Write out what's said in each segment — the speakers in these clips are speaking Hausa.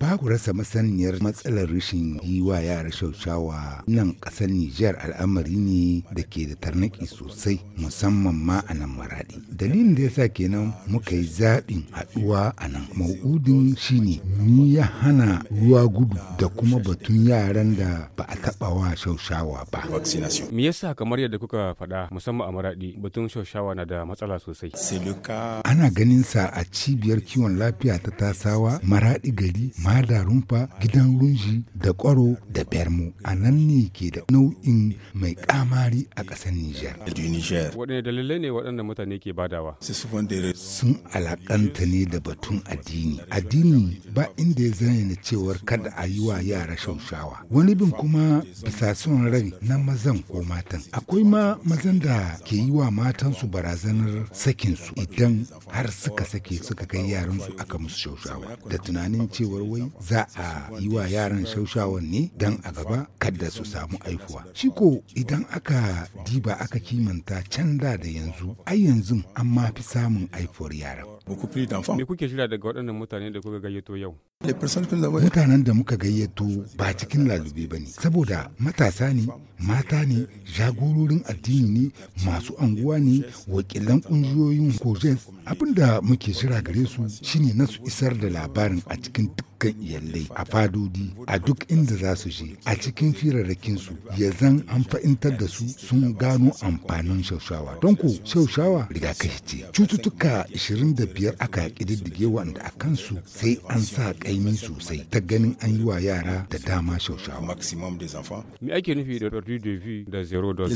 Babu rasa masaniyar matsalar rashin yi wa yara shaushawa nan ƙasar Nijar al'amari ne da ke da tarnaki sosai musamman ma a nan maraɗi. Dalilin da sa kenan muka yi zaɓin haɗuwa a nan. Mau'udin ne ni ya hana ruwa gudu da kuma batun yaran da ba a taɓa wa shaushawa ba. Me yasa kamar yadda kuka faɗa musamman a maraɗi batun shaushawa na da matsala sosai. Ana ganin sa a cibiyar kiwon lafiya ta tasawa maraɗi gari mada rumfa gidan runji da kwaro da bermo a nan ne ke da nau'in mai kamari a ƙasar nijar waɗanne dalilai ne waɗanda mutane ke badawa sun alaƙanta ne da batun addini addini ba inda ya zayyana cewar kada a yi wa yara shaushawa wani bin kuma bisa son rai na mazan ko matan akwai ma mazan da ke yi wa matansu barazanar sakinsu idan har suka sake suka kai yaransu aka musu shaushawa da tunani tunanin cewar wai za a yi wa yaran shaushawan ne don a gaba kada su samu aihuwa shi ko idan aka diba aka kimanta can da da yanzu ai yanzu an ma fi samun aifuwar yaran me kuke shirya daga waɗannan mutane da kuka gayyato yau mutanen da muka gayyato ba cikin lalube ba ne saboda matasa ne mata ne jagororin addini ne masu anguwa ne wakilan ƙungiyoyin abin abinda muke shira gare su shine na su isar da labarin a cikin duk dukkan iyalai a fadodi a duk inda za su je a cikin firarrakin su ya zan an fa'intar da su sun gano amfanin shaushawa don ko shaushawa rigakafi ce cututtuka 25 aka kididdige wanda a kansu sai an sa kaimi sosai ta ganin an yi wa yara da dama shaushawa me ake nufi da perdu de vue da zero dose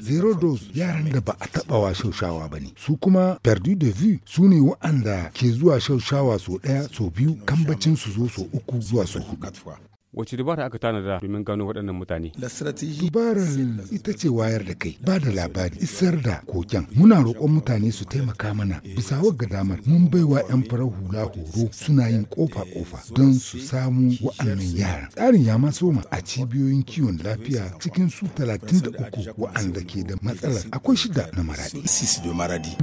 zero dose yaran da ba a taba wa shaushawa ba ne su kuma perdu de vue su ne wa'anda ke zuwa shaushawa so daya so biyu kambacin su zo sau uku zuwa so. hudu wace dabara aka tanada domin gano waɗannan mutane dabarar ita ce wayar da kai ba da labari isar da koken muna roƙon mutane su taimaka mana bisa wagga damar mun baiwa 'yan farar hula horo suna yin ƙofa-ƙofa don su samu wa'annan yara tsarin ya ma soma a cibiyoyin kiwon lafiya cikin su talatin da uku wa'anda ke da matsalar akwai shida na maradi. Studio Maradi.